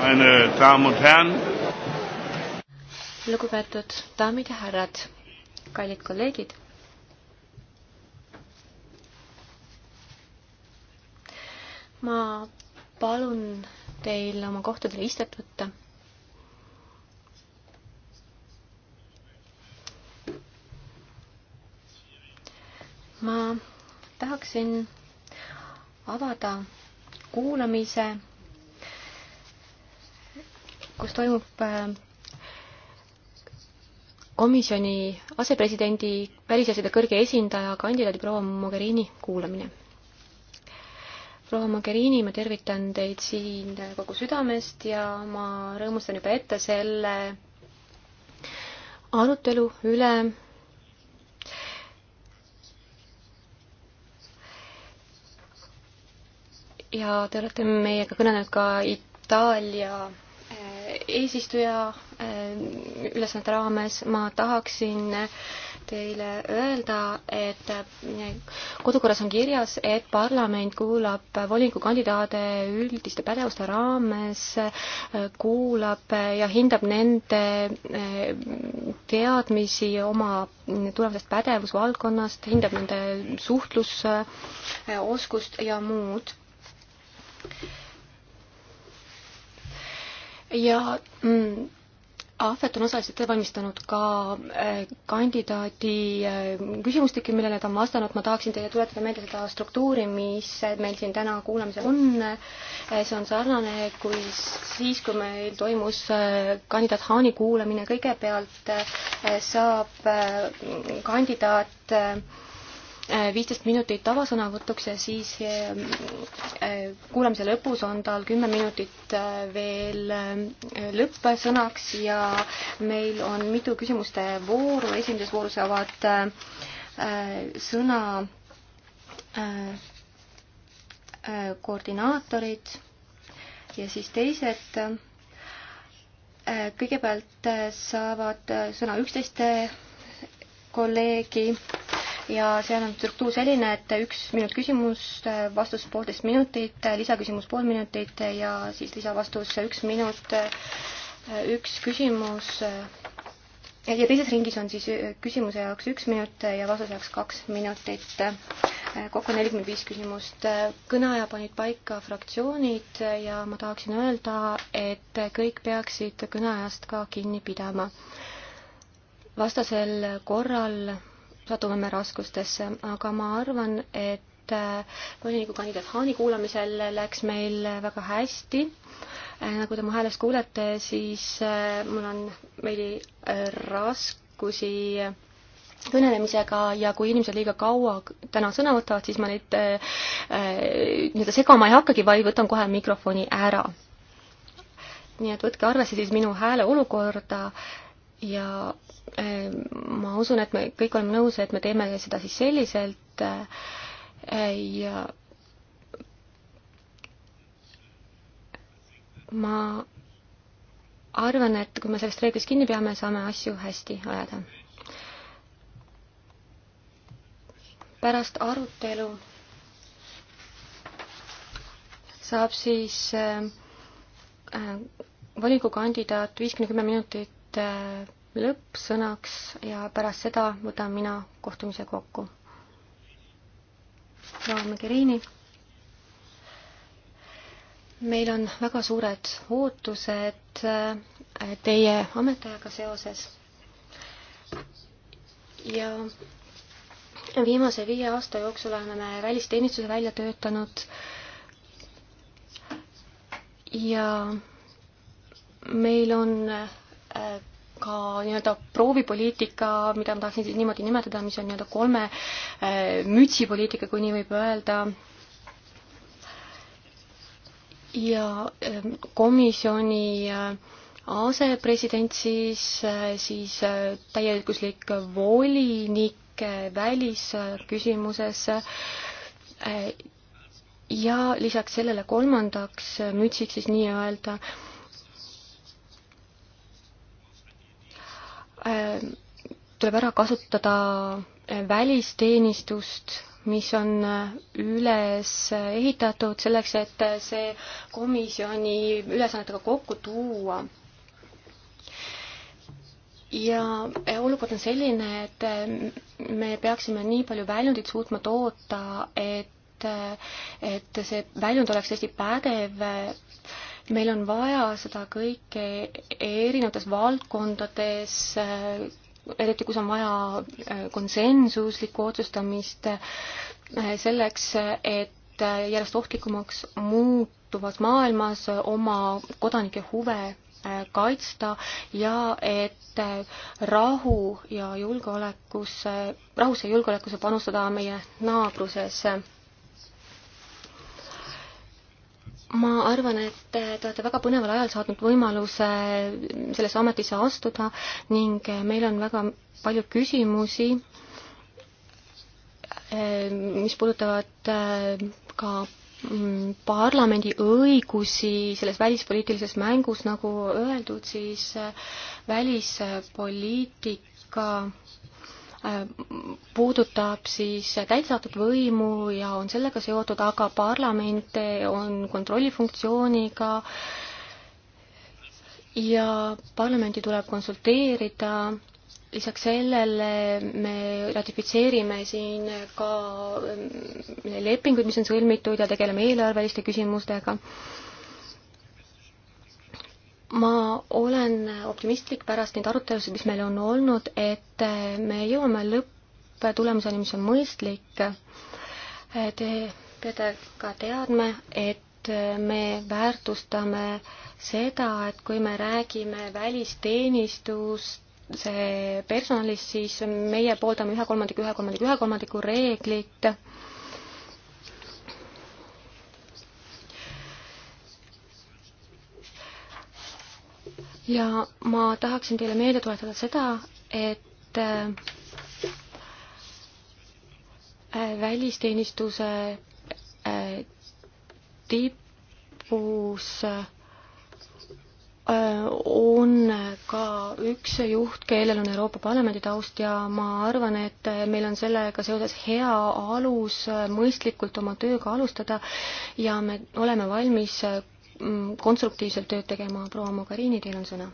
Meine Damen und Herren. lugupeetud daamid ja härrad, kallid kolleegid. ma palun teil oma kohtadele istet võtta ma tahaksin avada kuulamise, kus toimub äh, komisjoni asepresidendi välisasjade kõrge esindaja kandidaadi proua Mogherini kuulamine. proua Mogherini, ma tervitan teid siin kogu südamest ja ma rõõmustan juba ette selle arutelu üle ja te olete meiega kõnelenud ka Itaalia eh, eesistuja eh, ülesannete raames ma tahaksin teile öelda, et eh, kodukorras on kirjas, et parlament kuulab volinikukandidaade üldiste pädevuste raames, kuulab ja hindab nende teadmisi oma tulevasest pädevusvaldkonnast, hindab nende suhtlusoskust ja muud ja mm, Ahvet on osaliselt ette valmistanud ka äh, kandidaadi äh, küsimustiki, millele ta on vastanud. ma tahaksin teile tuletada meelde seda struktuuri, mis meil siin täna kuulamisel on. Äh, see on sarnane kui siis, kui meil toimus kandidaat Haani kuulamine. kõigepealt saab kandidaat viisteist minutit avasõnavõtuks ja siis eh, eh, kuulamise lõpus on tal kümme minutit eh, veel lõppsõnaks ja meil on mitu küsimuste vooru, esimeses voorus saavad sõna koordinaatorid ja siis teised. kõigepealt saavad sõna üksteist kolleegi ja seal on struktuur selline, et üks minut küsimust, vastus poolteist minutit, lisaküsimus pool minutit ja siis lisavastus üks minut, üks küsimus. ja teises ringis on siis küsimuse jaoks üks minut ja vastuse jaoks kaks minutit. kokku nelikümmend viis küsimust. kõneaja panid paika fraktsioonid ja ma tahaksin öelda, et kõik peaksid kõneajast ka kinni pidama vastasel korral satume me raskustesse, aga ma arvan, et äh, volinikukandidaat Haani kuulamisel läks meil väga hästi. Äh, nagu te mu häälest kuulete, siis äh, mul on veidi raskusi kõnelemisega ja kui inimesed liiga kaua täna sõna võtavad, siis ma neid äh, nii-öelda segama ei hakkagi, vaid võtan kohe mikrofoni ära. nii et võtke arvesse siis minu hääle olukorda äh, ja ähm, ma usun, et me kõik oleme nõus, et me teeme seda siis selliselt äh, ja ma arvan, et kui me sellest reeglist kinni peame, saame asju hästi ajada. pärast arutelu saab siis äh, äh volikogu kandidaat viiskümmend kümme minutit nüüd äh, lõppsõnaks ja pärast seda võtan mina kohtumise kokku. proua Mägirini. meil on väga suured ootused äh, teie ametiajaga seoses ja viimase viie aasta jooksul oleme me välisteenistuse välja töötanud ja meil on ka nii-öelda proovipoliitika, mida ma tahtsin siis niimoodi nimetada, mis on nii-öelda kolme eh, mütsipoliitika, kui nii võib öelda, ja eh, komisjoni eh, asepresident siis, siis täieõiguslik volinik välisküsimuses ja lisaks sellele kolmandaks mütsiks siis nii-öelda äh, Äh, tuleb ära kasutada äh, välisteenistust, mis on äh, üles ehitatud selleks, et see komisjoni ülesannetega kokku tuua ja olukord on selline, et me peaksime nii palju väljundit suutma toota, et, et see väljund oleks tõesti pädev meil on vaja seda kõike erinevates valdkondades, eriti kus on vaja äh, konsensuslikku otsustamist, äh, selleks, et äh, järjest ohtlikumaks muutuvas maailmas oma kodanike huve kaitsta ja et rahu ja julgeolekusse, rahusse ja julgeolekusse panustada meie naabrusesse ma arvan, et äh, te olete väga põneval ajal saadnud võimaluse äh, sellesse ametisse astuda ning äh, meil on väga palju küsimusi, mis puudutavad ka mm, parlamendi õigusi selles välispoliitilises mängus, nagu öeldud, siis välispoliitika puudutab siis täidesaatvat võimu ja on sellega seotud, aga parlament on kontrollifunktsiooniga ja parlamenti tuleb konsulteerida lisaks sellele me ratifitseerime siin ka mm, lepinguid, mis on sõlmitud ja tegeleme eelarveliste küsimustega ma olen optimistlik pärast neid arutelusid, mis meil on olnud, et me jõuame lõpptulemuseni, mis on mõistlik. Te peate ka teadma, et me väärtustame seda, et kui me räägime välisteenistust, see personalist, siis meie pooldame ühe kolmandiku, ühe kolmandiku, ühe kolmandiku reeglit ja ma tahaksin teile meelde tuletada seda, et äh, välisteenistuse äh, tipus äh, on ka üks juht, kellel on Euroopa Parlamendi taust ja ma arvan, et meil on sellega seoses hea alus mõistlikult oma tööga alustada ja me oleme valmis Mm, konstruktiivselt tööd tegema. proua Mogherini, teil on sõna.